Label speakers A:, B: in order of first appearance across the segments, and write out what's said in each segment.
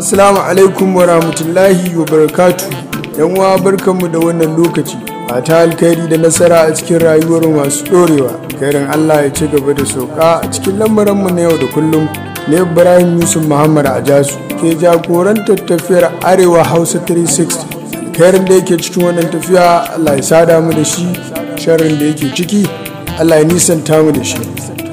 A: Assalamu alaikum wa rahmatullahi wa barakatu. ‘Yan uwa barkanmu da wannan lokaci, ta alkhairi da nasara a cikin rayuwar masu ɗorewa, garin Allah ya ci gaba da sauka a cikin mu na yau da kullum. na ibrahim yusuf muhammad ajasu ke jagorantar tafiyar arewa hausa 360 kairin da yake cikin wannan tafiya allah ya sada mu da shi sharrin da yake ciki allah ya nisanta mu da shi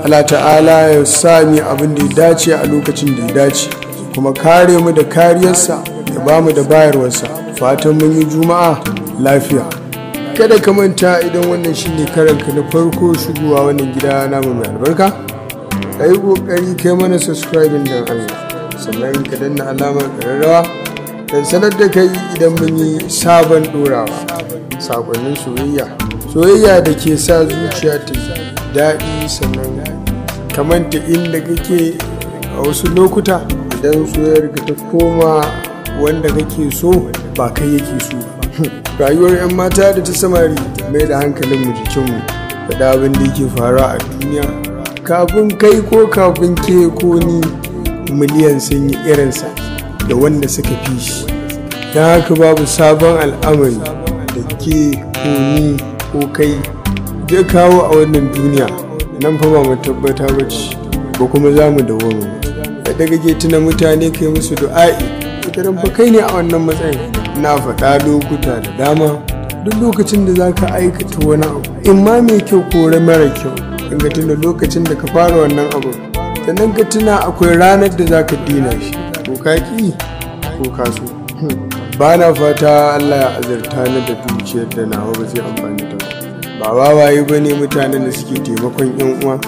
A: allah ta'ala ya sami abin da ya dace a lokacin da ya dace kuma kare mu da kariyarsa ya ba mu da bayarwarsa fatan mun yi juma'a lafiya kada ka manta idan wannan shine karanka na farko shigowa wannan gida namu mai albarka ka yi ƙoƙari kai mana subscribe don Allah sannan ka danna alama ƙararrawa don sanar da kai idan mun yi sabon ɗorawa saƙonnin soyayya soyayya da ke sa zuciya ta daɗi sannan kamanta inda kake a wasu lokuta idan soyayyar ka ta koma wanda kake so ba kai yake so rayuwar 'yan mata da ta samari mai da hankalin mu jikinmu faɗa abin da yake faruwa a duniya kafin kai ko kafin ke ko ni miliyan sun yi irinsa da wanda suka fi shi ta haka babu sabon al'amari da ke ko ni ko kai zai kawo a wannan duniya nan fa ba mu tabbata ba ce ba kuma za mu dawo da daga ke mutane kai musu du'a'i ita kai ne a wannan matsayin na faɗa lokuta da dama duk lokacin da za ka aikata wani abu in ma mai kyau ko mara kyau ka tuna lokacin da ka fara wannan abu sannan ka tuna akwai ranar da za ka dina shi ko ka ki ko ka so ba na fata allah ya azurta ni da dukiyar da nawa ba zai amfani ta ba ba waye ba ne mutanen da suke taimakon yan uwa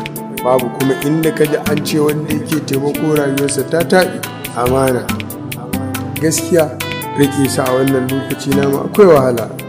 A: babu kuma inda ka ji an ce wanda yake taimako rayuwarsa ta taɓi amana gaskiya rike sa a wannan lokaci na akwai wahala